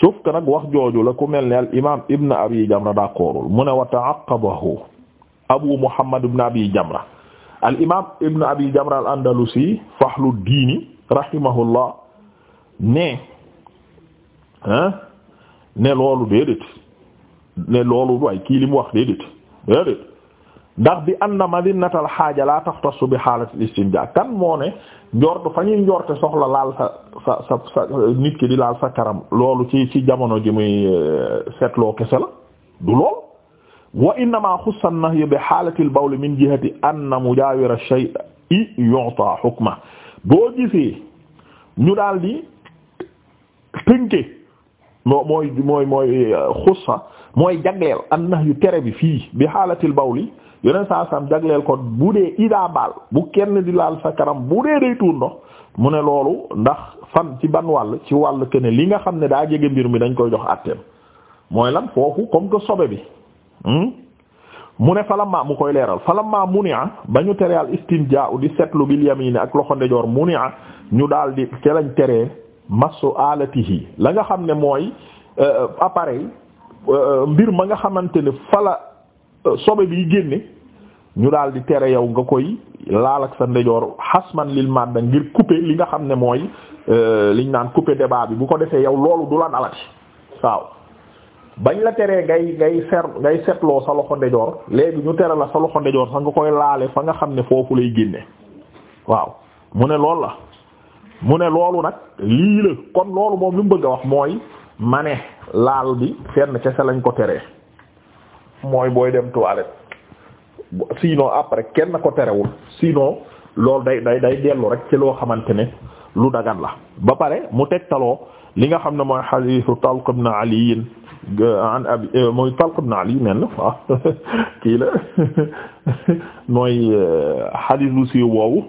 sauf que nag wax jooju la ku mel ne al imaam Ibn Abi Jamra daa koorul mu ne wa ta'aqqabahu Abu Muhammad ibn Abi Jamra al Ibn Abi Jamra al fahlu diini rahimahullah ne ah ne loolu déedéet ne loolu waay kii li wax déedéet déedéet ndax bi anna madinatal xaaja la taxtassu bi xaalatil istinja kan moo ne njort fa soxla laal sa sa di laal sa karam loolu ci ci jamono ji muy euh, seetloo kese la du lool wa innama xussa nahyu bi xaalatil bawl min jihati anna mujaawira shay'i yu'ta hukma boo gisee ñu daal di tënke mooy mooy mooy euh, xussa mooy jagleel an nahyu tere bi fii bi xaalatil bawli yeneen saa sam jagleel ko bu dee idaa baal bu kenn di laal sa kanam bu dee day tuur ndox mu ne loolu ndax fan ci ban wàll ci wàll ke ne li nga xam ne daa jege mbir mi dañ koy jox àtteem mooy lan foofu comme que sobe bi hmm? mu ne falamma mu koy leeral falamma munia ba ñu tere al istinjaa di setlu bil yamini ak loxo ndejoor munia ñu daal di ca lañ teree masu alatihi la nga xam ne mooy euh, appareil euh, mbir ma nga xamante ne fala sobe bi génne ñu daal di tere yow nga koy laal ak sa ndejoor man lil madda ngir couper li nga xam ne mooy euh, liñ naan couper débat bi bu ko defee yow loolu du la dalati waaw bañ la teree ngay ngay fer ngay setloo sa loxo ndejoor léegi ñu tere la sa loxo ndejoor sax nga koy laale fa nga xam ne foofu lay génne waaw mu ne loolu la mu ne loolu nag lii la kon loolu moom lu mu bëgg a wax mooy ma ne laal bi fenn kese lañ ko teree. mooy booy dem toilette sinon après kenn ko terewul sinon loolu day day day dellu rek ci loo xamante ne lu dagan la ba pare mu tegtaloo li nga xam ne mooy xadiisu Talq ibn Ali an abi euh, mooy kii la mooy euh, xadiis bu siiw woowu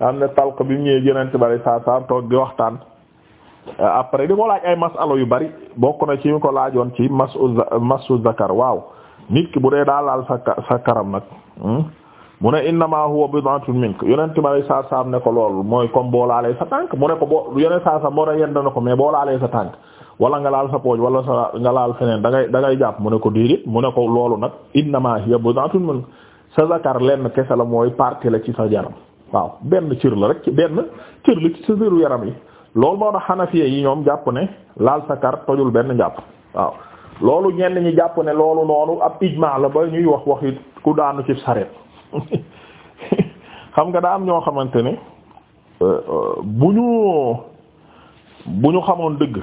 am na Talq bi mu ñëwee yonent bi sallallahu alayhi toog di waxtaan Euh, après di ko laaj ay masalo yu bari bokk na ci ko laajoon ci masu masu zakar waaw nit ki bu dee daa laal sa sa karam nag hmm? mu ne innama huwa bid'atun mink yonent ma lay saa saam ne ko lool mooy comme boo laalee sa tànk mu ne ko boo yonent saa saam moo ne yend na ko mais boo laalee sa tànk wala nga laal sa pooj wala sa nga laal da ngay da ngay jàpp mu ne ko déedéet mu ne ko loolu nag innama hiya bid'atun mink sa zakar lenn kese la mooy partie la ci sa yaram waaw benn cër la rek benn cër la ci sa cëru yaram yi. lool moo tax xanafiya yi ñoom jàpp ne laal sakar tojul benn jàpp waaw loolu ñenn ñi jàpp ne loolu noonu ab ijmaa la ba ñuy wax waxi ku daanu ci sareet xam nga daa am ñoo xamante ne euh, euh, bu ñu bu ñu xamoon dëgg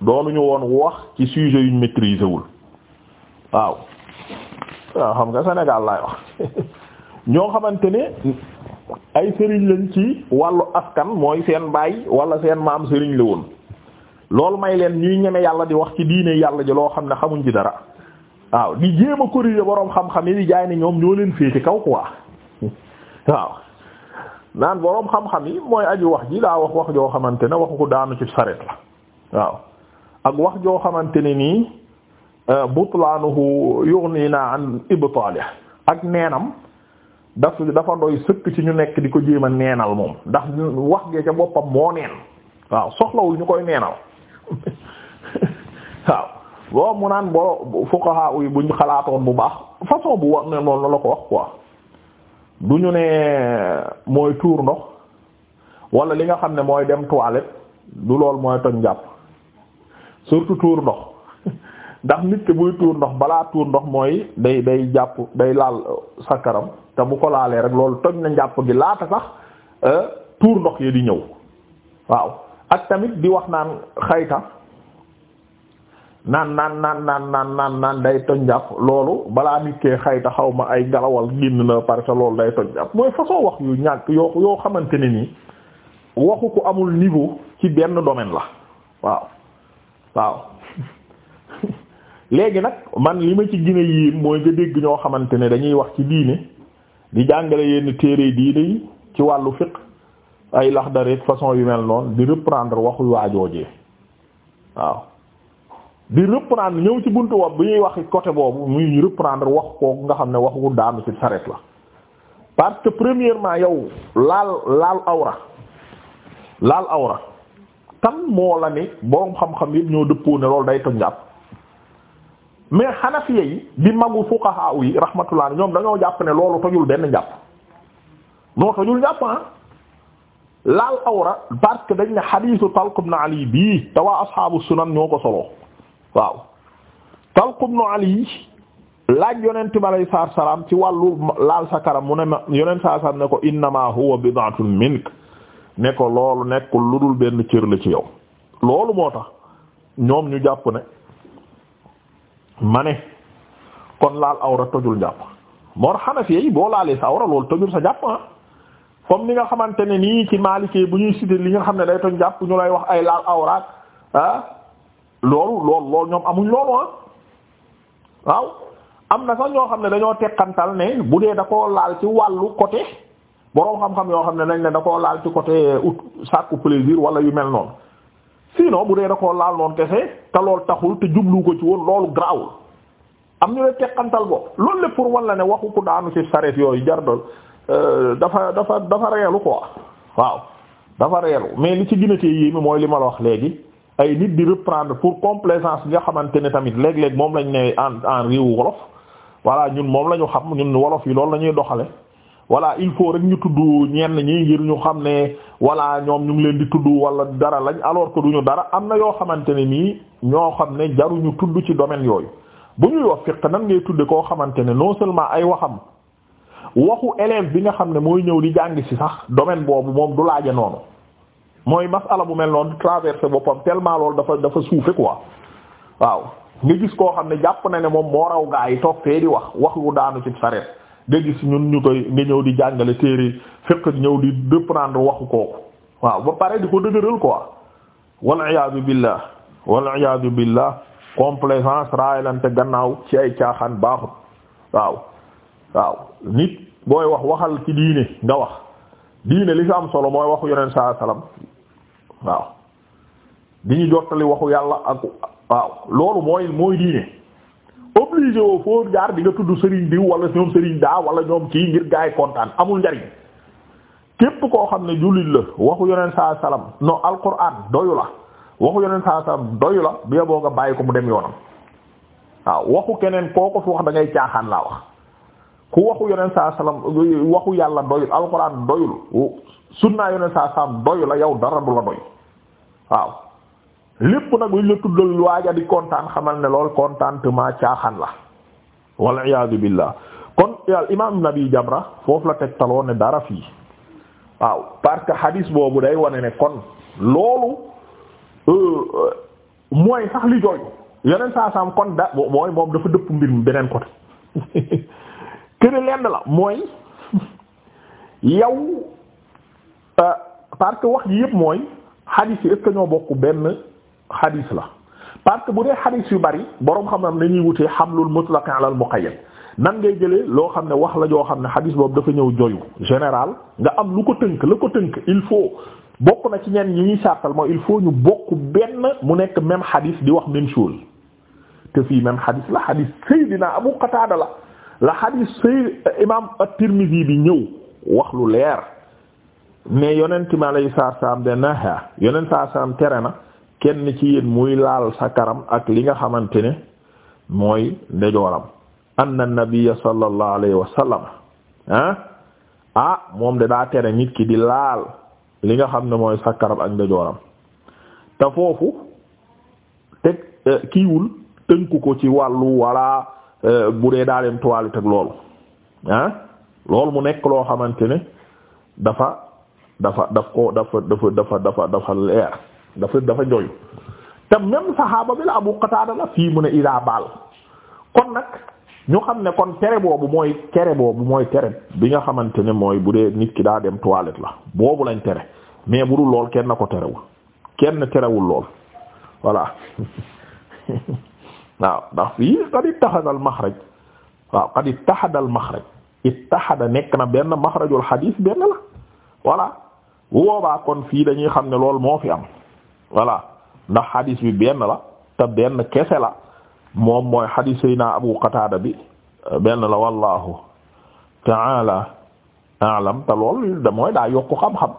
doonuñu woon wax ci sujet yuñ maîtriser wul waaw waaw xam nga Sénégal laay wax ñoo xamante ay sëriñ lañ ci wàllu askan mooy seen baay wala seen maam sëriñ la woon loolu may leen ñi ñeme yàlla di wax ci diine yàlla ji loo xam ne xamuñ ci dara waaw di jéem a corriger boroom xam yi di jaay ne ñoom ñoo leen kaw quoi waaw naan boroom xam-xam yi mooy aju wax ji daa wax wax joo xamante ne waxu ko daanu ci sareet la waaw ak wax joo xamante ne nii eh, butlaanuhu yughninaa an ibtaalihi ak neenam daf dafa doy sëkk ci ñu nekk di ko jéem a neenal moom ndax wax gee ca boppam moo neen waaw soxlawul ñu koy neenal waaw boo mu naan boro fuqaha yi buñ xalaatoon bu baax façon bu wax ne loolu la ko wax quoi du ñu ne mooy tuur ndox walla li nga xam ne mooy dem toilette du lool mooy toj njàpp surtout tuur ndox ndax nit ki buy tuur ndox balaa tuur ndox mooy day day jàpp day laal euh, sakaram te bu ko laalee rek loolu toj na njàpp gi laata sax euh, tuur ndox yi di ñëw waaw ak tamit di wax naan xayta naan naan naan naan naan naan naan day toj njàpp loolu balaa nit kee xayta xaw ma ay galawal génn na parce que loolu day toj njàpp mooy façon wax yu ñàkk yoo yoo xamante ni nii waxu ko amul niveau ci benn domaine la waaw waaw léegi nag man li ma ci gine yi mooy nga dégg ñoo xamante ne dañuy wax ci diine di jàngale yenn téere diine yi ci wàllu fiqh ay lax laxdareek façon yu mel noonu di reprendre waxu waajoojee waaw di reprendre ñëw ci buntu wob bu ñuy wax côté boobu muy reprendre wax kooku nga xam ne waxu daanu ci saret la parce que premièrement yow laal laal awra laal awra kan moo la ne boroom xam-xam yëpp ñoo dëppoo ne loolu day toj njàpp mais xanafiya yi di magu fuqaha yi rahmatullah ñoom dañoo jàpp ne loolu tojul benn njàpp noo tojul njàpp ah laal awra parce que dañ ne xadiisu Talq ibn Ali bii te waa ashaabu sunan ñoo ko soloo waaw Talq ibn Ali laaj yonent bi alayhi salaatu salaam ci wàllu laal sa karam mu ne ma yonent saa salaam ne ko innamaa huwa bid'atun mink ne ko loolu nekkul lu dul benn cër la ci yow loolu moo tax ñoom ñu jàpp ne. ma ne kon laal awra tojul jàpp moor xanafi yi boo laalee sa awra loolu tojul sa jàpp ah. comme ni nga xamante ne nii ci maalikee bu ñuy cité li nga xam ne day toj jàpp ñu lay wax ay laal awraat ah loolu lool ñoom amuñ loolu ah waaw am na sax ñoo xam ne dañoo teqantal ne bu dee da koo laal ci wàllu côté boroom xam-xam yoo xam ne nañ ne da ko laal ci côté ut sàkku plaisir wala yu mel noonu sinon bu dee da ko laal noonu kese te loolu taxul te jublu ko ci woon loolu garaawul am ñu ne teqantal bopp loolu lépp pour wan la ne waxu ku daanu ci sareet yooyu jar euh, dafa dafa dafa reelu quoi waaw dafa reelu mais li ci gën a tee mooy li ma la wax léegi ay nit di reprendre pour complaisance bi nga xamante ne tamit léeg-léeg moom lañ ne en en réewu wolof voilà ñun moom la ñu xam ñun wolof yi loolu la ñuy doxale voilà il faut rek ñu tudd ñenn ñi ngir ñu xam ne voilà ñoom ñu ngi leen di tudd wala dara lañ alors que duñu dara am na yoo xamante ne nii ñoo xam ne jaruñu tudd ci domaine yooyu bu ñuy wax fiq nan ngay tudde koo xamante ne non seulement ay waxam waxu élève bi nga xam ne mooy ñëw di jàng ci sax domaine boobu moom du laaja noonu mooy masala bu mel noonu di traverser boppam tellement loolu dafa dafa suufe quoi waaw nga gis koo xam ne jàpp na ne moom moo raw gaa yi toog fee di wax wax lu daanu ci nga gis ñun ñu koy nga ñëw di jàngale téere fiq ñëw di reprendre waxu kooku waaw ba pare di ko dëgëral quoi wal iyaadu billah wal iyaadu billah complaisance raayalante gannaaw ci ay caaxaan baaxut waaw waaw nit booy wax waxal ci diine nga wax diine li fi am solo mooy waxu yonent saa salaam waaw di ñu jottali waxu yàlla ak waaw loolu mooy mooy diine obligé woo foo jaar di nga tudd Serigne diw wala ñoom Serigne daa wala ñoom kii ngir gaay kontaan amul njariñ képp koo xam ne jullit la waxu yeneen sa salaam non alquran doyu la waxu yoneen saa salaam doyu la bi boo nga bàyyi ko mu dem yoonam waaw waxu keneen koo ko fi da ngay caaxaan laa waxu yoneen saa waxu yàlla doyul alquran doyul sunnaa sa saa salaam doyu la yow dara du la doy waaw. lépp nag lu ñu la tuddal waaja di kontaan xamal ne lool contentement caaxaan la wal iyaadu billah kon al imaam nabi jamra foofu la tegtaloo ne dara fii waaw parce que hadis boobu day wane ne kon loolu euh, mooy sax li jooju yeneen saa saam kon da mooy moom dafa dëpp mbir mi beneen côté këne lenn la mooy yow euh, parce que wax ji yëpp mooy hadis yi est-ce ñoo bokk benn xadis la parce que bu dee xadis yu bari borom xam-xam dañuy wutee xam mutlaq ala al muqayyad nan ngay jëlee loo xam ne wax la joo xam ne xadis boobu dafa ñëw joyu général nga am lu ko tënk la ko tënk il faut bokk na ci ñenn ñi ñuy sàttal mooy il faut ñu bokk benn mu nekk même xadis di wax même chose te fii même xadis la xadis Seydina Abu Qatada la la xadis Seyd euh, imam at-Tirmidhi bi ñëw wax lu leer mais yonent mi alayhi salaam de naha yeneen saa saam tere na. kenn ci yéen muy laal sa karam ak li nga xamante ne mooy ndejooram anna nabiyya sallallahu alayhi wa sallam ah ah moom de daa tere nit ki di laal li nga xam ne mooy sa karam ak ndejooram te foofu teg eh, kiiwul tënku ko ci wàllu wala eh, bu dee daa dem toilette ak loolu ah mu nekk loo xamante ne dafa dafa daf ko dafa dafa dafa dafa dafa leer dafa dafa jooyu te même saxaaba bi la Abu Qatada la fii mu ne idaa baal kon nag ñu xam ne kon tere boobu mooy tere boobu mooy tere bi nga xamante ne mooy bu dee nit ki daa dem toilette la boobu lañ tere mais bu dul lool kenn na ko terewul kenn terewul lool voilà waaw ndax fii qad ittaxada al maxraj waaw qad ittaxada al maxraj ittaxada nekk na benn maxrajul xadiis benn la voilà bu boobaa kon fii dañuy xam ne loolu moo fi am voilà ndax hadis bi benn la te benn kese la moom mooy hadis sayna Abu Qatada bi benn la wallahu ta'ala a'lam te lool da mooy daa yokku xam-xam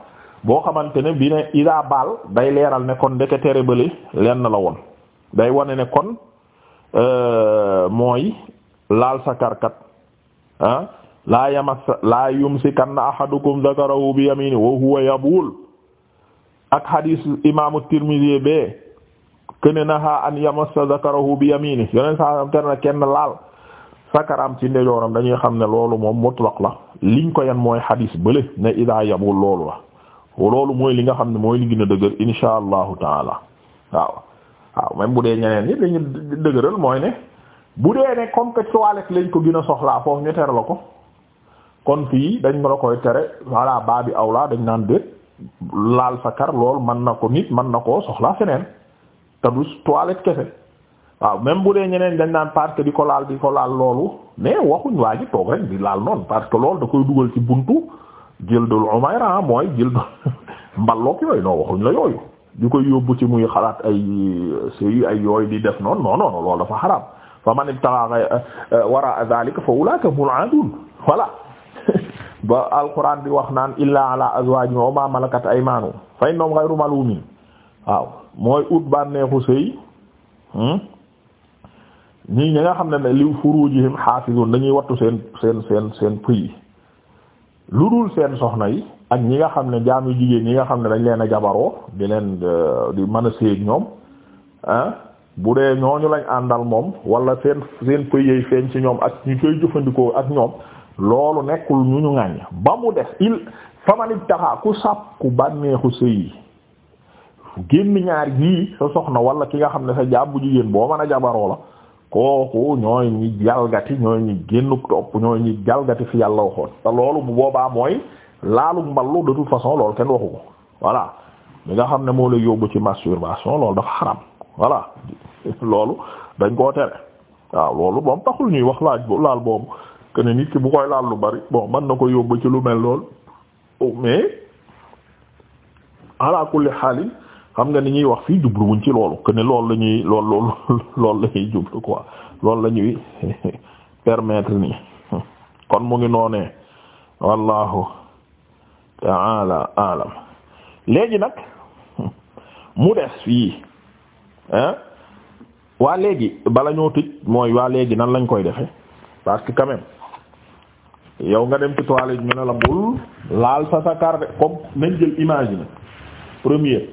boo xamante ne bi ne ida baal day leeral ne kon ndeke tere bële lenn la woon day wane ne kon euh, mooy laal sa karkat ah laa yamas laa yumsikanna ahadukum dhakarahu bi yamini wa huwa yabul ak hadis imaamu Tirmidhi be kene naha an yamassa zakarahu bi yamini yoneen saa ter na kenn laal sakaram ci ndeyooram dañuy xam ne loolu moom mutlaq la liñ ko yan mooy hadis bële ne ida yabul loolu la loolu mooy li nga xam ne mooy li gën a dëgër insha allahu taala waaw waaw même bu dee ñeneen ñi dañu dëgëral mooy ne bu dee ne comme lañ ko gën a soxlaa foofu ñu tere la ko kon fii dañ la koy tere voilà baa bi awlaa dañ naan déet laal sakar lool man na ko nit mën na koo soxlaa feneen te du toilette kese waaw même bu dee ñeneen dañ naan parce di ko laal di ko laal loolu mais waxuñ waa ji toog rek di laal noonu parce que loolu da koy dugal ci buntu jildul umayra mooy jildul mballoog yooyu non waxuñ la yooyu di koy yóbbu ci muy xalaat ay euh, sëy ay yooyu di def noonu non non loolu dafa xaraam fa man ibtaxa euh, wara zalika fa ulaaka mul aadun voilà ba alquran bi wax naan illa ala azwaajihim wa ay malakat aymaanu fa innahum ghayru malumin waaw mooy ut bànneexu sëy hmm? ñii ñi nga xam ne ne li furujihim xaafizun nañuy wattu seen seen seen seen pëyi lu dul seen soxna yi ak ñi nga xam ne jaam jigéen ñi nga xam ne dañ leen a jabaroo di leen euh, di mën a séeg ñoom ah bu dee ñooñu lañ àndal moom wala seen seen pëy yeey feeñ ci ñoom ak ñu koy jëfandikoo ak ñoom loolu nekkul ñu ñu ŋàññ ba mu def il faman ibtaxa ku sàpp ku bànneexu sëy génn ñaar gii sa soxna wala ki nga xam ne sa jàbbu jigéen boo mën a jabaroo la kooku ñooy ñi jalgati ñooy génn topp ñooy ñi fi yàlla waxoon te loolu bu boobaa mooy laalu mballu de toute façon loolu kenn waxu ko voilà li nga xam ne moo lay yóbbu ci masturbation loolu dafa xaram voilà loolu dañ koo tere waaw loolu moom taxul ñuy wax laaj laal boobu que ne nit ki bu koy laal lu bari bon mën na ko yóbbu ci lu mel lool oh, mais ala kulli xaal xam nga ni ñuy wax fii jubluwuñ ci loolu que la ñuy lool lool loolu jublu quoi loolu la permettre nii kon mu ngi noonee wallahu taala alam léegi nag mu des fii waa léegi bala ñoo tëj mooy waa léegi nan lañ koy defe parce que quand yow nga dem ci toilette ñu ne la bul laal sa sa carte comme nañ jël imagine première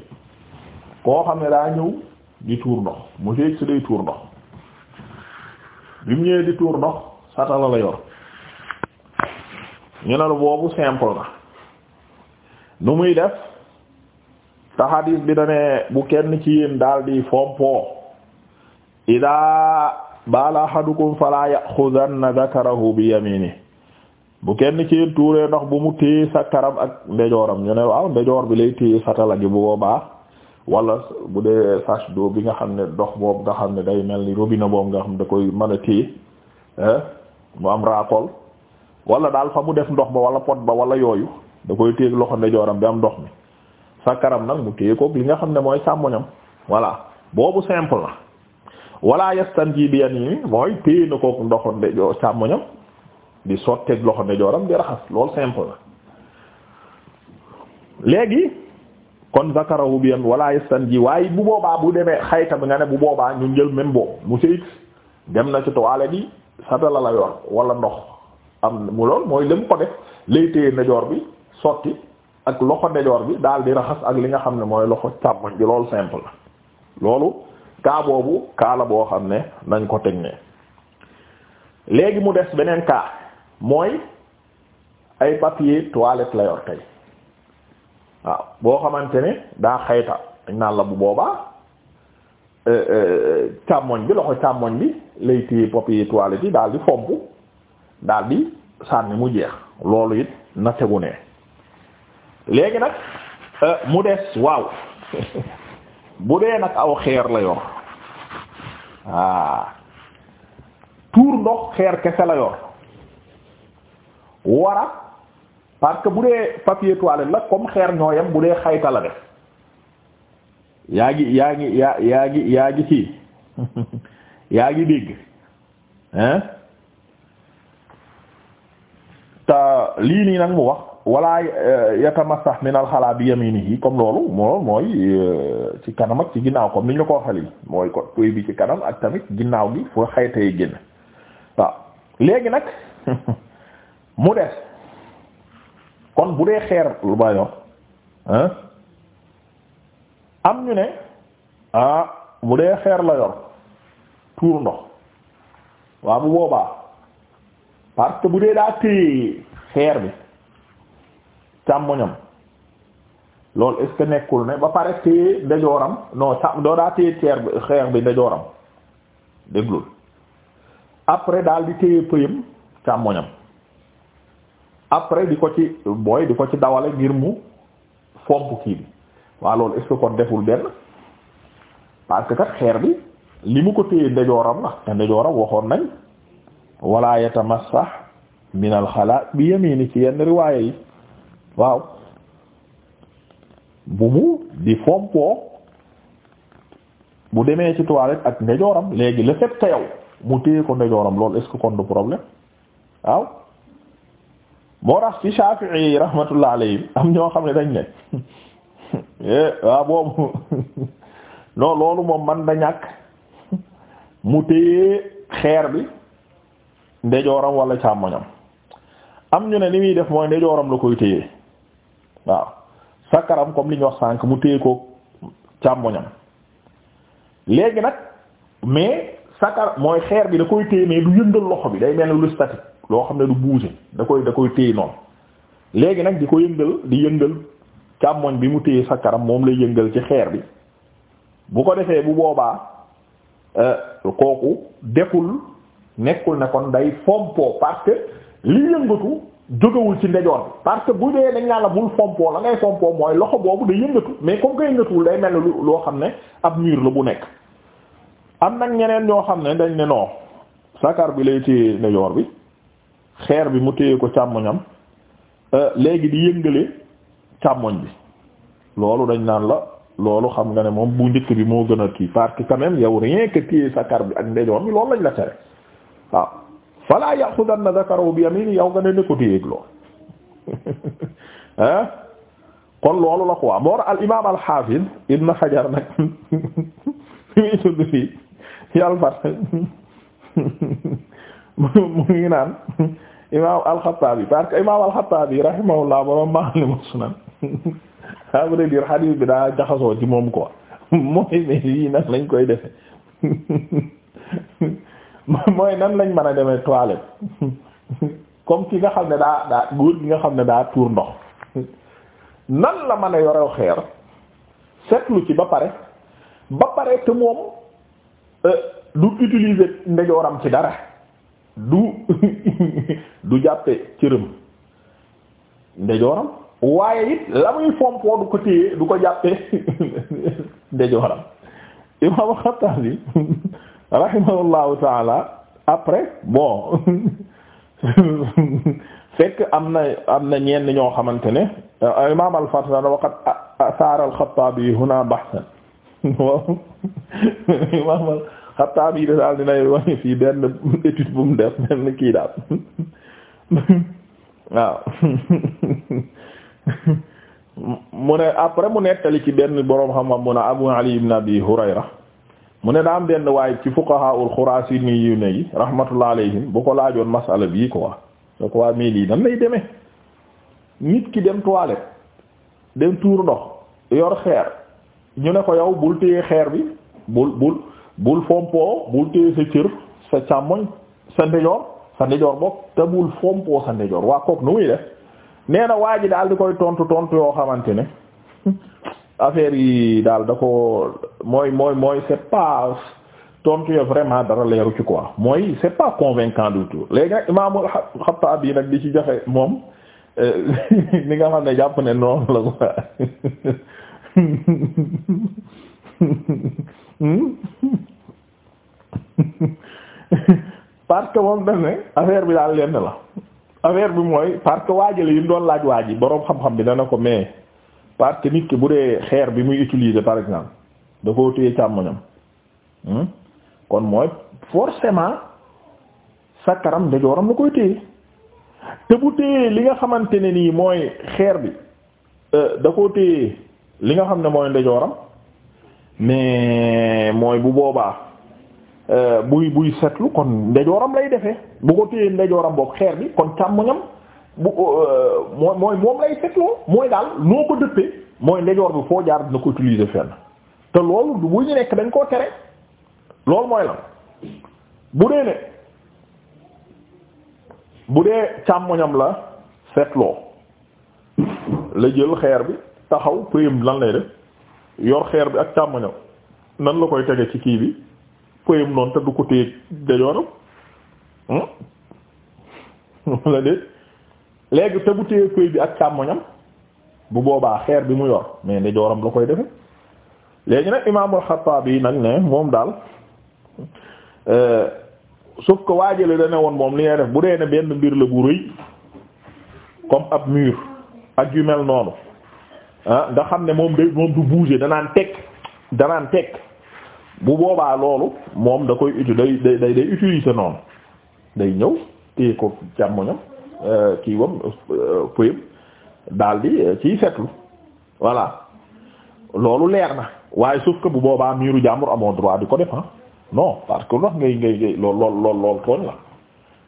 koo xam ne daa ñëw di tuur ndox mu si day tuur ndox di tuur ndox satala la ñu ne la boobu simple na nu muy def taxadis bi da bu kenn ci yéen daal di fompo idaa baala ahadukum fala yaxudanna dakarahu bi yamini bu kenn ci tuuree ndox bu mu téye sa karam ak ndejooram ñu ne waaw ndejoor bi lay téye satala gi bu boobaa walla bu dee sache d'eau bi nga xam ne ndox boobu nga xam ne day mel ni robinet boobu nga xam da koy mën a téye mu am raakool walla daal fa mu def ndox ba wala pot ba wala yooyu da koy téye loxo ndejooram bi am ndox mi sa karam nag mu téye ko li nga xam ne mooy sàmmoñam voilà boobu simple la wala yastan ji bi yan yi mooy téye na ko ndoxo ndejoo càmmoñam di sotteeg loxo ndeyjooram di raxas loolu simple na léegi kon zakarahu bi am wala yastanji waaye bu boobaa bu demee xayta bi nga ne bu boobaa ñu jël même boobu monsieur X dem na ci toilette bi satala la wala ndox am mu lool mooy lim ko def lay téye bi sotti ak loxo ndejoor bi daal di raxas ak li nga xam ne mooy loxo càmmoñ bi loolu simple na loolu kaa boobu kaa la boo xam ne nañ ko teg ne léegi mu des beneen kaa mooy ay papier toilette la yor tey waaw boo xamante ne daa xayta dañ naan la bu boobaa euh, euh, càmmoñ bi loxo càmmoñ bi lay téye papier toilette yi daal di fomp daal di sànni mu jeex loolu it na tegu ne léegi nag euh, mu des waaw bu dee nag aw xeer la yor waa ah. tuur ndox xeer kese la yor war a parce que bu dee papier toilette la comme xeer yam bu dee xayta la def yaa ngi yaa ngi yaa yaa ngi yaa ngi ci yaa ngi dégg hein te lii nii nag mu wax wala euh, yatamassah min alxalaa bi yaminihi comme loolu moo mooy euh, ci kanam ak ci ginnaaw comme ni ñu la ko waxal yi mooy ko tuy bi ci kanam ak tamit ginnaaw gi foo xayta yi génn waaw léegi nag mu des kon bu dee xeer lu ba yor am ñu ne ah bu dee xeer la yor tuur ndox waa bu boobaa parce que bu dee daa téye xeer bi càmmoñam loolu est-ce que nekkul ne ba pare téye ndejooram non cà doo daa téye xeer bi xeer bi ndejooram déglul après daal di téye pëyam càmmoñam après di ko ci booy di ko ci dawale ngir mu fomp kii bi waa loolu est deful benn parce kat xeer bi li mu ko téye ndejooram la te ndejooram waxoon nañ wala yatamassah min al xalaa bi yamini ci yenn riwaaya yi waaw bu mu di fompoo bu demee ci toilette ak ndejooram léegi le fait que yow mu téye ko ndejooram lool est-ce kon du problème waaw moo rax ci Shafi'i yi rahmatullah am ñoo xam ne dañ ne eh, waaw boobu non loolu moom man da ñàkk mu téye xeer bi ndejooram wala càmmoñam am ñu ne ni muy def mooy ndejooram la koy téye waaw sakaram comme li ñu wax sànk mu téye ko càmmoñam léegi nag mais sakar mooy xeer bi da koy téye mais du yëngal loxo bi day mel lu statique loo xam ne du bouger da koy da koy téye noonu léegi nag di ko yëngal di yëngal càmmoñ bi mu téye sa karam moom lay yëngal ci xeer bi bu ko defee bu boobaa euh, kooku deful nekkul ne kon day fompoo parce que li yëngatu jógewul ci ndejoor parce que bu dee dañ naan la bul fompoo la ngay fompoo mooy loxo boobu day yëngatu mais comme que yëngatuwul day mel lu loo xam ne ab mur la bu nekk am nag ñeneen ñoo xam ne dañ ne noo sakar bi lay téye ndejoor bi xeer bi mu téyee ko càmmoñam euh, léegi di yëngale càmmoñ bi loolu dañ naan la loolu xam nga ne moom bu njëkk bi moo gën a kii parce que quand même yow rien que téye sa kar bi ak ndejoon bi loolu lañ la tere waaw fala yaxudanna zakarahu bi yamini yow nga ne ne ko téyeeg loolu ah kon loolu la ko moo al imam al hafiz ibn hajar nag mi tuddu fi mu ngi naan imaam al-Xattaabi parce que imaam al-Xattaabi rahimahullah borom Ma'alim Musnad à vrai dire xadiis bi daa jaxasoo ci moom quoi mooy mais yii nan lañ koy defe mooy nan lañ mën a demee toilette comme ki nga xam ne daa daa góor gi nga xam ne daa tuur ndox nan la mën a yorew xeer seetlu ci ba pare ba pare te moom euh, du utiliser ndejooram ci dara du du jàppe cërëm ndejooram waaye it la muy fompoo du ko téye du ko jàppe ndejooram imam Xattaabi rahimahullahu taala après bon fekk am na am na ñenn ñoo xamante ne euh, imam al-Fattah waqad asaara huna bahsan imam xataa bii de daal dinay wane fii benn étude bu mu def benn kii daal waaw mu ne après mu nettali ci benn boroom xam-xam mu ne Abu Ali ibn Abi Hurayra mu ne daa am benn waaye ci fuqahaul Xuraasini yu ne yi rahmatullah alayhim bu ko laajoon masala bii quoi soo ko waa mii lii nan lay demee nit ki dem toilette dem tuur ndox yor xeer ñu ne ko yow bul téye xeer bi bul bul bul fompoo bul téye sa cër sa càmmoñ sa ndejoor sa ndejoor bokk te bul fompoo sa ndejoor waa kook nu muy def nee na waa ji daal di koy tontu tontu yoo xamante ne affaire yi daal da ko mooy mooy mooy c'est pas tontu yo vraiment dara leeru ci quoi mooy c'est pas convaincant du tout léegi nag imaamul Xattaabi nag di ci joxe moom euh, ni nga xam ne jàpp ne noonu la quoi Hmm? parce que moom daf ne affaire bi daal lenn la affaire bi mooy parce que waajale yi mu doon laaj waaj yi boroom xam-xam bi dana ko mais park que nit ki bu dee xeer bi muy utiliser par exemple da koo téye càmmoñam hmm? kon mooy forcément sa karam la koy téye te bu téye li nga xamante ne nii mooy xeer bi euh, da koo téye li nga xam ne mooy ndejooram mais mooy bu boobaa euh, buy buy setlu kon ndejooram lay defe bu ko téyee ndejooram boobu xeer bi kon càmmoñam bu euh, mooy mooy moom lay setloo mooy daal noo ko dëppee mooy ndejoor bi foo jaar dina ko utiliser fenn te loolu bu nekk dañ koo tere loolu mooy lan bu dee ne bu dee càmmoñam la setloo la jël xeer bi taxaw pëyam lan lay def yor xeer bi ak càmmoñam nan la koy tege ci kii bi pëyam noonu te du ko téye dajooram hmm? walla déet léegi te bu téye pëy bi ak càmmoñam bu boobaa xeer bi mu yor mais dajooram la koy defe léegi nag imaamul Xattaabi yi nag ne moom daal euh, sauf que waajale da ne woon moom li ngay def bu dee ne benn mbir la bu rëy comme ab mur ak yu mel noonu Ah, nga xam ne moom day moom du bouger danaan teg danaan teg bu boobaa loolu moom da koy uti day day day noonu day ñëw téye ko càmmoñam euh, kii wam euh, pëyam daal di euh, ciy seetlu voilà loolu leer na waaye sauf que bu boobaa miiru jàmbur amoon droit di ko def ah. non parce que wax ngay ngay ngay lool lool lool lool la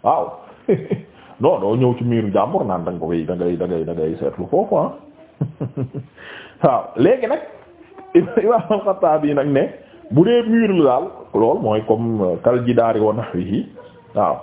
waaw non doo ñëw ci miiru jàmbur naan da nga koy da ngay da seetlu foofu ah waaw léegi nag imaam al-Xattaabi nag ne bu dee mur lu daal lool mooy comme euh, kal jidaari wa nahwihi waaw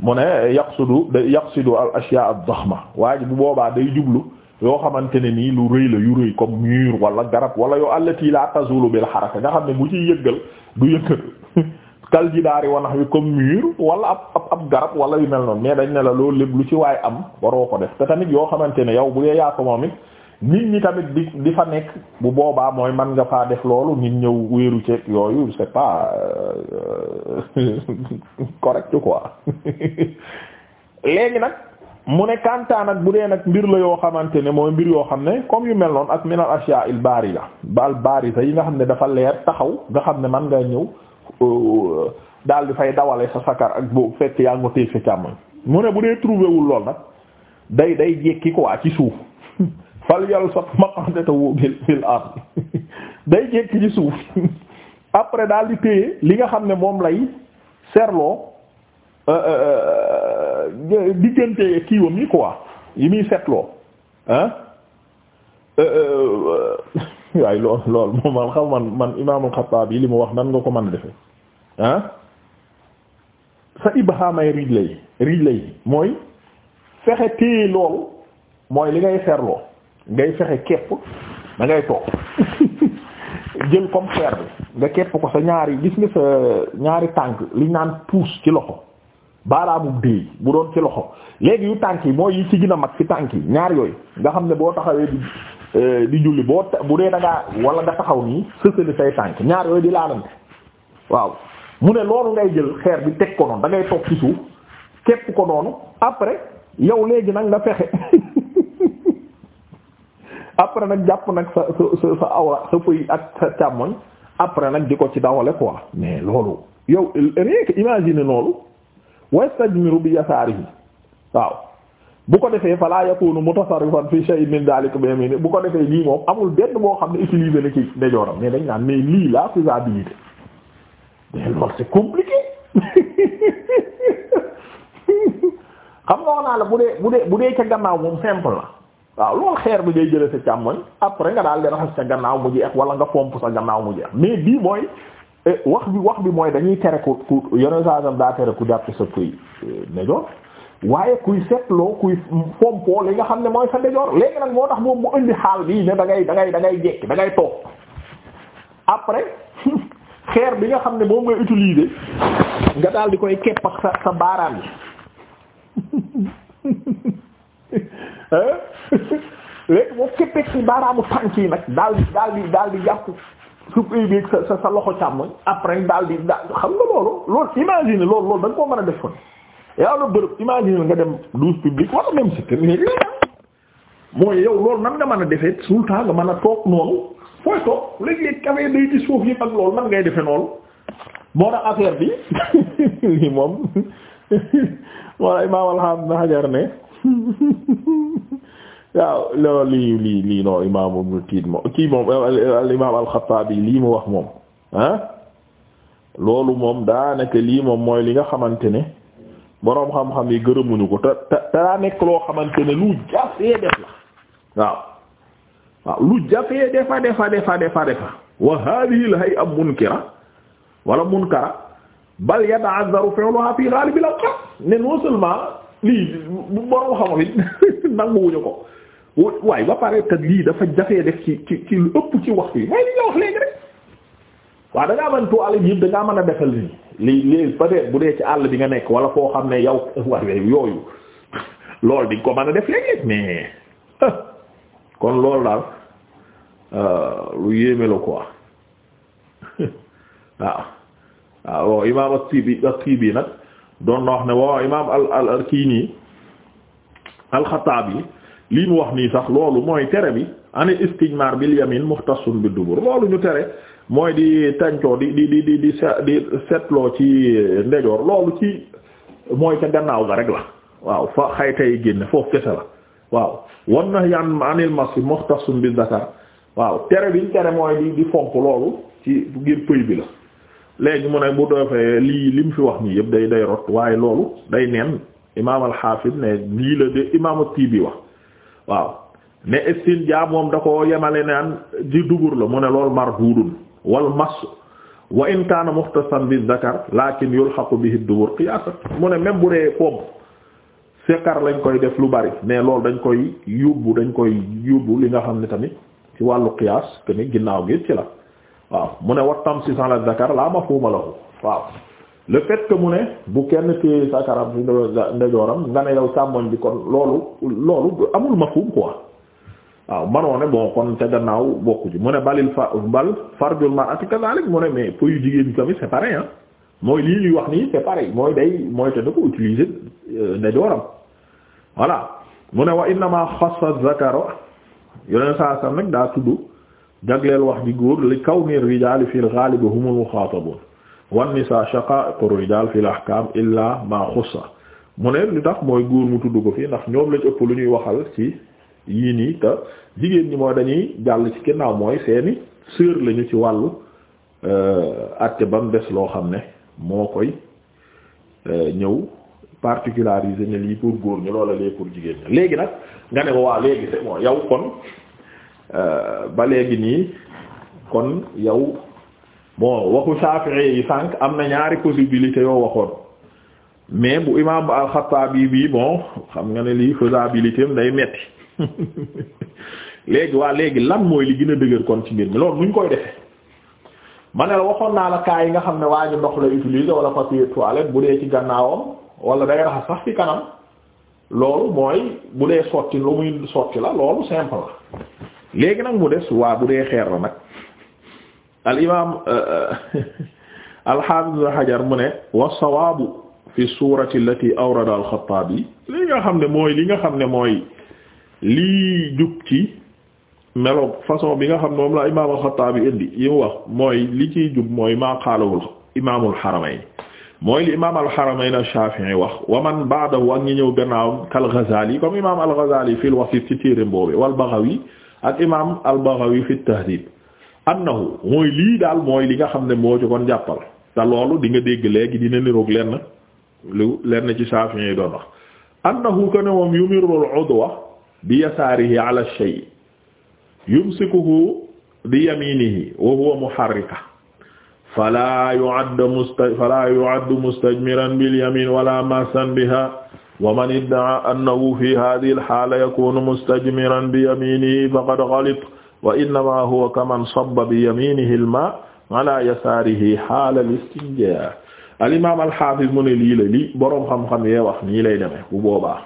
mu ne yaqsudu da yaqsudu al ashyaa ad-daxma waa bi boobaa day jublu yoo xamante ne nii lu rëy la yu rëy comme mur wala garab wala yoo allati la tazulu bil xaraka nga xam ne bu ciy yëggal du yëngal kal jidaari wa nahwi comme mur wala ab ab ab garab wala yu mel noonu mais dañ ne la loolu lépp lu ci waaye am waroo ko def te tamit yoo xamante ne yow bu dee yaa moom it nit ñi tamit di di fa nekk bu boobaa mooy man nga faa def loolu nit ñëw wéeru ceeb yooyu c'est pas euh, correct quoi léegi nag mu ne kantaan ak bu dee nag mbir la yoo xamante ne mooy mbir yoo xam ne comme yu mel noonu ak minal ashiya il baari ya baal baari sa yi nga xam ne dafa leer taxaw nga xam ne man nga ñëw euh, daal di fay dawale sa sakar ak bu fekk yaa ngi sa càmmoñ mu ne bu dee trouvé wul lool nag day day jékki quoi ci suuf. fal yalsaq maqadatahu fil ard day jekk ci suuf après daal di téye li nga xam ne moom lay serloo euh, euh, euh, diggante kiiwam yi quoi yi muy setloo ah waaye lool lool moom man xam man man imaamul Xattaabi yi li mu wax nan nga ko man a defe ah sa ibhamay rijlay rijlay mooy fexe téye loolu mooy li ngay seerloo ngay fexe képp da ngay toog jël comme fer bi nga képp ko sa ñaari gis nga sa ñaari tànk liñ naan pouce ci loxo baaraamu déey bu doon ci loxo léegi yu tànk yi mooy yi ci gën a mag ci tànk yi ñaar yooyu nga xam ne boo taxawee di euh, di julli boo bu dee da ngaa wala nga taxaw nii sësali say tànk ñaar yooyu di laalante waaw mu ne loolu ngay jël xeer bi teg ko noonu dangay ngay toog ci suuf képp ko noonu après yow léegi nag nga fexe après nag jàpp nag sa sa sa awra sa fëy ak sa càmmoñ après nag di ko ci dawale quoi mais loolu yow rien que imagine loolu wastajmiru bi yasaarihi waaw bu ko defee falaa yakunu mutasarrifan fi shay'in min dhalika bi yamini bu ko defee lii moom amul benn boo xam ne utiliser na ci ndejooram mais dañ naan mais lii la faisabilité mais loolu c'est compliqué xam nga naa la bu dee bu dee bu dee ca gannaaw moom simple la waaw loolu xeer bi ngay jëlee sa càmmoñ après nga daal di raxas sa gannaaw mu jeex wala nga pomp sa gannaaw mu jeex mais bii mooy eh, wax bi wax bi mooy dañuy tere ku ku yeneen saa yi daa tere ku jàpp sa kuy eh, ndeyjoor waaye kuy setloo kuy pompoo li nga xam ne mooy sa ndeyjoor léegi nag moo tax moom mu indi xaal bi dangay da ngay da ngay da ngay jekki après xeer bi nga xam ne moom ngay utiliser nga daal di koy keppax sa sa baaraam yi. léegi boo képpeg ci baaraamu tànk nag daal di daal di daal di jàpp su bi sa sa loxo càmm après daal di daal xam nga loolu loolu imagine loolu loolu da nga koo mën a def ko yaa la bërëb imagine nga dem douche publique wala même si kër yi mooy yow a defee tout temps nga mën a toog noonu fooy toog léeg-léeg kawe day ngay defee noonu tax affaire bi lii moom wala imaam ne. waaw loolu lii lii lii non imaam Ibnu Tiit moom kii moom al imaam al lii mu wax moom ah loolu moom daanaka lii moom mooy li nga xamante ne boroom xam-xam yi gërëmuñu ko te te daa nekk loo xamante ne lu jafee def la waaw waaw lu jafee defa defa defa defa defa wa haadihi al munkira wala munkara bal yata'azzaru fi'luha fi ghaalib al-awqaat ne non lii borom xamal it nanguwuñu ko waaye ba pare te lii dafa jafee def ci ki ci lu waxtu mooy li nga wax léegi rek waaw da ngaa mën toile yëpp da ngaa mën a defal nii lii lii peut bu dee ci àll bi nga nekk wala foo xam ne yow waree yooyu lool di ko mën a def léegi mais kon loolu daal euh, lu yéeme la quoi waaw waaw Imaam ak kii bi ak bi nag. doon na wax ne waaw imaam al al kii nii alxataabi lii mu wax nii sax loolu mooy tere bi ani istigmar bil yamin muxtassun bi dubur loolu ñu tere mooy di tàncoo di di di di di di setloo ci ndejoor loolu ci mooy ca gannaaw ga rek la waaw fa xayta yi génne foofu kese la waaw wan na yan anil masi muxtassun bi zakar waaw tere biñ tere mooy di di fonk loolu ci ngir pëy bi la léegi mu ne bu doofee lii li mu fi wax nii yëpp day day rot waaye loolu day neen imaam al ne lii la de imaam at-Tibi wax waaw ne istinjaa moom da ko yemale naan di dubur la mu ne loolu mardudun wal mas wa in kaana muxtasan bi zakar lakin yulhaqu bihi ad-dubur qiyaasa mu ne même bu dee pomp sekar lañ koy def lu bari mais loolu dañ koy yóbbu dañ koy yóbbu li nga xam ne tamit ci wàllu qiyaas que ni ginnaaw gi ci la waaw mu ne wat tamsis ala zakar la mafhuma lahu waaw le fait que mu ne bu kenn téye sakaram si ndejooram nga ne yow càmmoñ bi kon loolu loolu amul mafhum quoi waaw manoo ne kon ca gannaaw bokku ci mu ne balil fa bal farjul ma ati kazalik mu ne mais poyu jigéen bi tamit c'est pareil mooy lii ñuy wax nii c'est mooy day mooy te da ko utiliser euh, ndejooram voilà mu ne wa innama xassa zakaro yoneen saa sam nag daa tudd jagleel wax ji góor li kaw wi kawni rijaali fil ghaalibi humul muxaatabuun wan nisaa shaqaa'iqu rijaal fil ahkaam illaa maa xussa mu ne lu tax mooy góor mu tudd ko fii ndax ñoom lañ ëpp lu ñuy waxal ci yii nii te jigéen ñi mooy dañuy jàll ci ginnaaw mooy seeni sœur lañu ci wàll euh, àtte ba mu des loo xam ne moo koy euh, ñëw particularisé ne lii pour góor ñi loola lee pour jigéen ñi léegi nag nga ne waa léegi c'est kon Euh, ba léegi nii kon yow bon waxu Shafi'i yi sànq am na ñaari possibilité yoo waxoon mais bu imam al bii bi bon xam nga ne lii faisabilité am day metti léegi waa léegi lan mooy li gën a dëgër kon ci mbir mi loolu nuñ koy defe ma ne la waxoon naa la cas yi nga xam ne waa ñu ndox la utiliser wala papier toilette bu dee ci gannaawam wala day raxas sax ci kanam loolu mooy bu dee sotti lu muy sotti la loolu simple la léegi nag mu des waa bu dee xeer la nag al imaam euh, euh, al hafiz hajar mu ne wa sawaabu fi suurati allati awrada al xattaabi li nga xam ne mooy li nga xam ne mooy lii jub ci melo façon bi nga xam ne moom la imaam al xattaabi wax mooy li ciy jub mooy maa qaalahu imaamul xaramayn mooy li imaam al xaramayn al shaafi'i wax wa man ba'dahu ak ñi ñëw gannaawam kal ghazali comme imaam al ghazali fil wasiit ci téereem boobe wal baghawi ak imaam al-Baghawi fi tahdib annahu mooy lii daal mooy li nga xam ne moo ci kon jàppal te loolu di nga dégg léegi dina niroog lenn lu lenn ci Shafi'i yi doon wax annahu kana moom yumirrul udwa bi yasaarihi ala shay yumsikuhu bi yaminihi wa huwa muharrika fala yu'addu musta fala yu'addu mustajmiran bil yamin wala masan biha wa man idda'a annahu fi hadhihi al-haala yakunu mustajmiran bi yaminihi faqad ghalita wa innamaa huwa kaman sabba bi yaminihi al-maa'a ala yasaarihi haala al-istinjaa' al-imaam al-haafiz mu ne lii la lii boroom xam-xam yee wax nii lay demee bu boobaa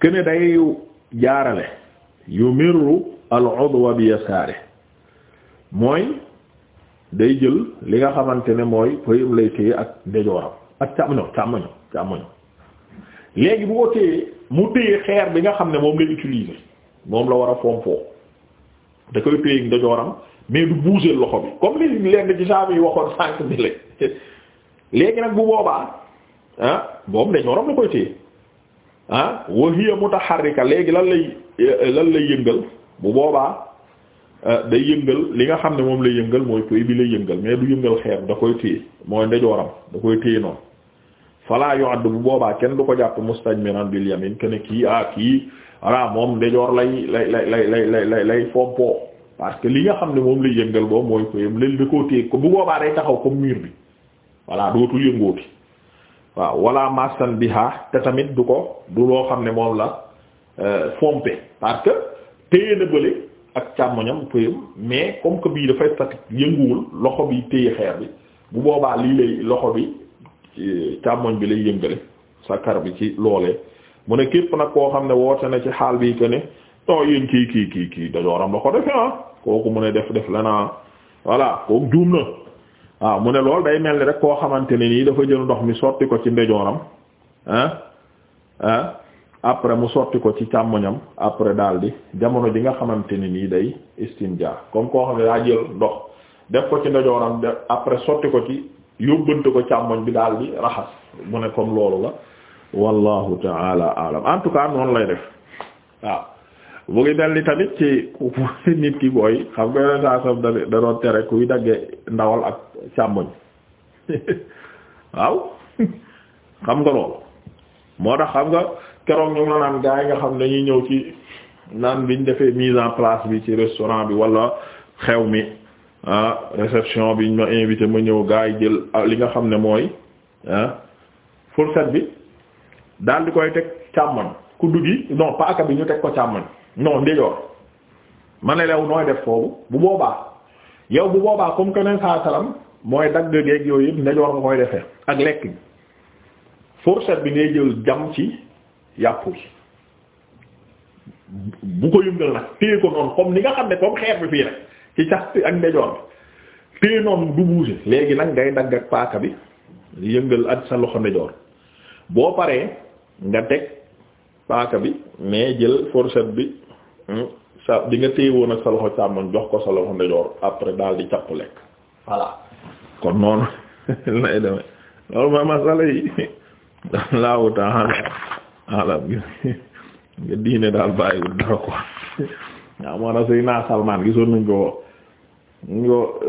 kene day jaarale yumirru al-'udwa bi yasaarihi mooy day jël li nga xamante ne mooy fayum lay téye ak ndejooram ak càmmoñam càmmoñam càmmoñam léegi bu ko téyee mu téye xeer bi nga xam ne moom lay utiliser moom la war a fompoo da koy téye ndajooram mais du bouger loxo bi comme li lenn ci saa yi waxoon sànq ni léegi nag bu boobaa ah boobu ndajooram la koy téye ah wa hiya xarika léegi lan lay lan lay yëngal bu boobaa ah, day yëngal li nga xam ne moom lay yëngal mooy koy bi lay yëngal mais du yëngal xeer da koy téye mooy ndajooram da koy téye noonu fala yu'addu bu boobaa kenn du ko jàpp mustajmiran bil yamin kene kii ah kii voilà moom ndejoor lay lay lay lay lay lay lay fompoo parce que li nga xam ne moom lay yëngal boobu mooy koyam len da koo téeg ko bu boobaa day taxaw comme mur bi voilà dootul yëngooti waaw wala bi biha te tamit du ko du loo xam ne moom la euh, fompe parce que téye na bële ak càmmoñam koyam mais comme que bii dafay statique yënguwul loxo bi téye xeer bi bu boobaa lii lay loxo bi càmmoñ bi lay yëngale sakar bi ci loolee mu ne képp nag koo xam ne woote na ci xaal bi que ne non yéen kii kii kii kii dajooram la ko defe ah kooku mu ne def def la naa voilà kooku juum na waaw ah, mu ne loolu day mel ni rek koo xamante ne nii dafa jël ndox mi sotti ko ci ndejooram ah ah après mu sotti ko ci càmmoñam après daal di jamono ji nga xamante ne nii day istinja comme koo xam ne daa jël ndox def ko ci ndejooram après sotti ko ci yóbbante ko càmmoñ bi daal bi raxas mu ne comme loolu la wallahu taala alam en tout cas noonu lay def waaw mu ngi mel ni tamit ci nit ki booy xam nga yeneen saa soxna da doon tere kuy daggee ndawal ak càmmoñ waaw xam nga loolu moo tax xam nga keroog ñu ngi la naan gaa yi nga xam ne dañuy ñëw ci naan biñ defee mise en place bi ci restaurant bi walla xew mi. ah réception bi ñu ma invité ma ñëw gaa yi jël li nga xam ne mooy ah bi daal di koy teg càmmoñ kuddu gi non paaka bi ñu teg ko càmmoñ non ndijoor ma ne lew nooy def foofu bu boobaa yow bu boobaa comme que saa salam mooy dagg geeg yooyu yëpp ndijoor nga koy defee ak lekk gi fourchette bi ngay jël jam ci yàpp bi bu ko yëngal nag téye ko noonu comme ni nga xam ne comme xeer bi fii rek. ci cax ak ndejoor bi téye noonu du bouger léegi nag ngay dagg ak paaka bi yëngal ak sa loxo ndejoor boo paree nga teg paaka bi mais jël fourchette bi hmm, sa di nga téye woon ak sa loxo càmmoñ jox ko sa loxo ndejoor après daal di capp lekk voilà kon noonu lay demee loolu ma masala yi laawu taala a nga diine daal bàyyiwul dara quoi waaw moo na naa Salmaan gisoon nañ ko yo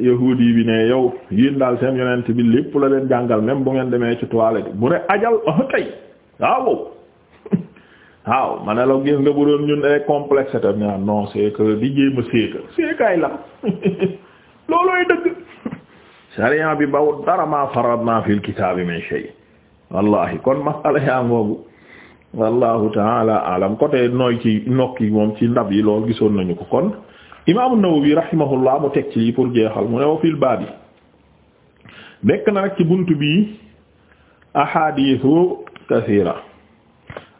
yahudi bi ne yow yéen daal seen yonent bi lépp la leen jàngal même bu ngeen demee ci toilette bu mu ne ajal kay ah, waaw ma ne la gis nga bu doon ñun ay complexe tam ne non c'est di jéem a séeka séekaay lam loolooy dëgg sariya bi baw dara naa faradna fil kitaabi min shay wallahi kon masala yaa ngoogu wallahu taala alam côté nooy ci nokki moom ci ndab yi lool gisoon nañu ko kon imaamu bi rahimahullah mu teg ci lii pour jeexal mu ne wa fil baabi nekk na nag ci bunt bi ahadiisu kasiira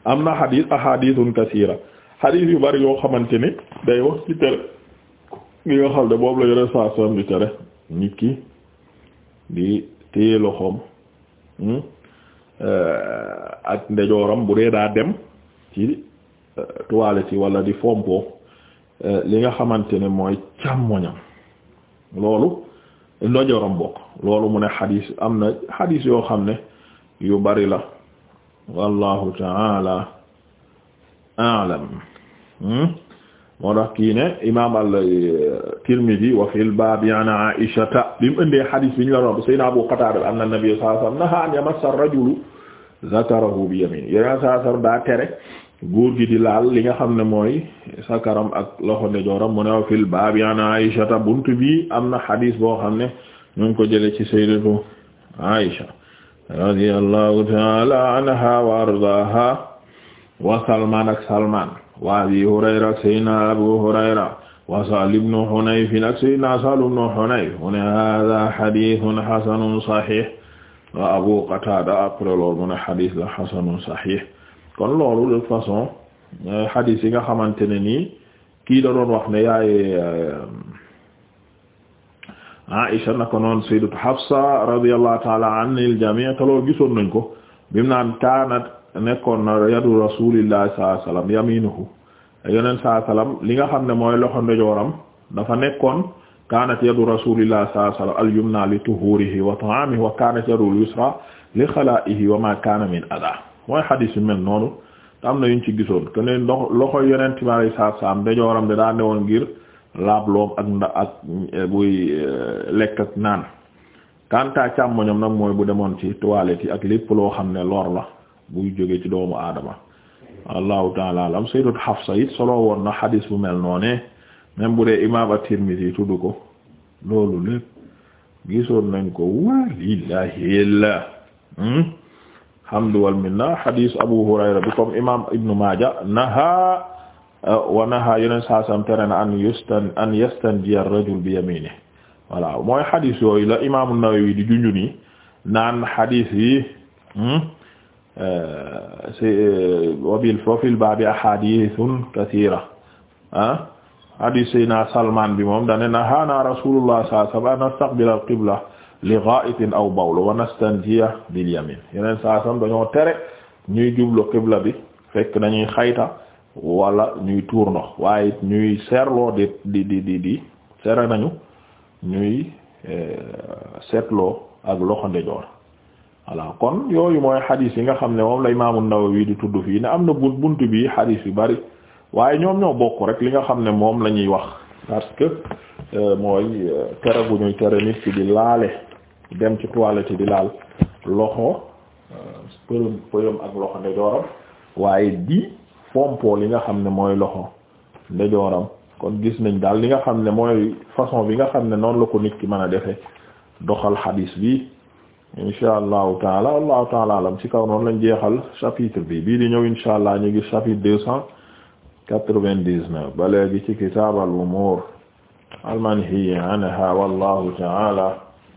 am na xadiis ahadiisun kasiira xadiis yu bari yoo xamante ni day wax ci tere li xam ne boobu la yore saa soxam tere nit ki di téye loxoom hmm, eh, ak ndejooram bu dee daa dem ci eh, toilette yi di fompo Euh, li nga xamante ne mooy càmmoñam loolu ndojoram bokk loolu mu ne xadiis am na xadiis yoo xam ne yu bari la wallahu taala aalam hmm? moo tax kii ne imaam al-Tirmidhi euh, wa fil baabi an Aishata bi mu indee xadiis bi ñu la doon Sayyidina Abu Qatada anna Nabi sallallahu alayhi wa sallam nahaa an yamassa ar-rajulu zakarahu bi yaminihi daa tere góor gi di laal li nga xam ne mooy sakaram ak loxo ndejooram mu new fil baabi an aishata bunt bi am na xadiis boo xam ne ñu ko jële ci sayyidatu aisha radiyallahu taala anha wa ardaha wa salman salman wa abi hurayra ak abu hurayra wa sahl ibn hunayf ak sayyidina sahl ibn hunayf mu ne hada xadiisun xasanun saxiix wa abu qatada après loolu mu ne xadiis la xasanun saxiix kon loolu de façon euh, hadis yi nga xamante ne nii kii da doon wax ne yaay euh, Aisha naka noonu sayyidatu Hafsa radiyallahu ta'ala anil jami' te loolu gisoon nañ ko bim naan kaanat nekkoon na yadu rasulillahi sallallahu alayhi wasallam yaminuhu yeneen sallallahu alayhi wasallam li nga xam ne mooy loxo ndeyjooram dafa nekkoon kaanat yadu rasulillahi sallallahu alayhi wasallam al-yumna li tuhurihi wa ta'amihi wa kaanat yadu al-yusra li khala'ihi wa ma kaana min adha mooy xadis yu mel noonu te am na yuñ ci gisoon que ne ndox loxo yonent bi a salaatu salaam ndeyjooram bi daa newoon ngir laabloom ak nda ak buy euh, lekk ak naan kanta càmmoñam nag mooy bu demoon ci toilette ak lépp loo xam ne lor la buy jóge ci doomu aadama allahu taala alam sayyidatu Hafsa it solo woon na xadis bu mel noonee même bu dee imaam at-Tirmidhi tudd ko loolu lépp gisoon nañ ko walilahi la hmm? hamdu wal minna hadis Abu Hurayra bi comme imam Ibn Maaja naha wa naha yeneen saa sam tere na an yustan an yastanjiya ar-rajul bi yamini voilà mooy hadis yooyu la imam An-Nawawi di junju nii naan hadis yi hmm, euh, euh, wabil fil baabi ahadithun kathira ah hadis Sayyidina Salman bi moom dane nahana rasulullah sallallahu alayhi wa sallam an nastaqbila al-qibla li gha'itin aw bawl wa nastanjiya bil yamin yeneen saa sam dañoo tere ñuy jublu qibla bi fekk nañuy xayta walla ñuy tuur ndox waaye ñuy seetloo di di di di di sere nañu ñuy eh, seetloo ak loxo ndejoor voilà kon yooyu mooy xadiis yi nga xam ne moom la imaamu wii di tudd fii ne am na bunt bunt bi xadiis yu bari waaye ñoom ñoo bokk rek li nga xam ne moom la ñuy wax parce que eh, mooy eh, tere bu ñuy tere nit ki di laale dem ci toilette di laal loxo euh, përëm përëm ak loxo ndejooram waaye di fompo li nga xam ne mooy loxo ndejooram kon gis nañ daal li nga xam ne mooy façon bi nga xam ne noonu la ko nit ki mën a defee doxal xadiis bi insha allahu taala wallahu taala alam ci kaw noonu lañ jeexal chapitre bi bii di ñëw insha allah ñu gis chapitre deux cent quatre-vingt-dix-neuf ba léegi ci kitaab al umuur al manhiyi anha wallahu taala